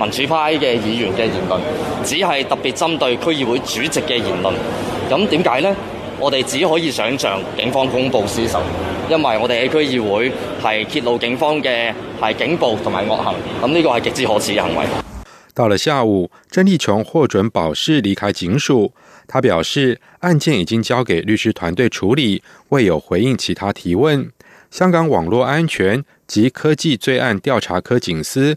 民主派嘅議員嘅言論只係特別針對區議會主席嘅言論，咁點解呢？我哋只可以想象警方公報私仇，因為我哋喺區議會係揭露警方嘅係警暴同埋惡行。咁呢個係極之可恥嘅行為。到了下午，鄭麗瓊獲准保釋離開警署。他表示，案件已經交給律師團隊處理，未有回應其他提問。香港網絡安全及科技罪案調查科警司。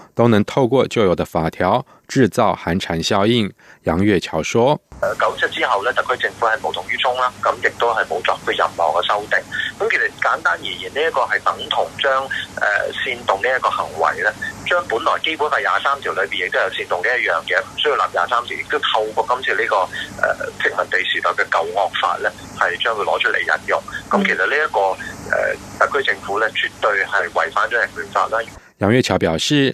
都能透過舊有的法條製造寒蟬效應，楊岳橋說：誒，九七之後咧，特區政府係無動於衷啦，咁亦都係冇作出任何嘅修訂。咁其實簡單而言，呢、這、一個係等同將誒、呃、煽動呢一個行為咧，將本來基本法廿三條裏邊亦都有煽動嘅一樣嘅，唔需要立廿三條，亦都透過今次呢、這個誒殖、呃、民地時代嘅舊惡法咧，係將佢攞出嚟引用。咁、嗯、其實呢、這、一個誒、呃、特區政府咧，絕對係違反咗人權法啦。楊岳橋表示。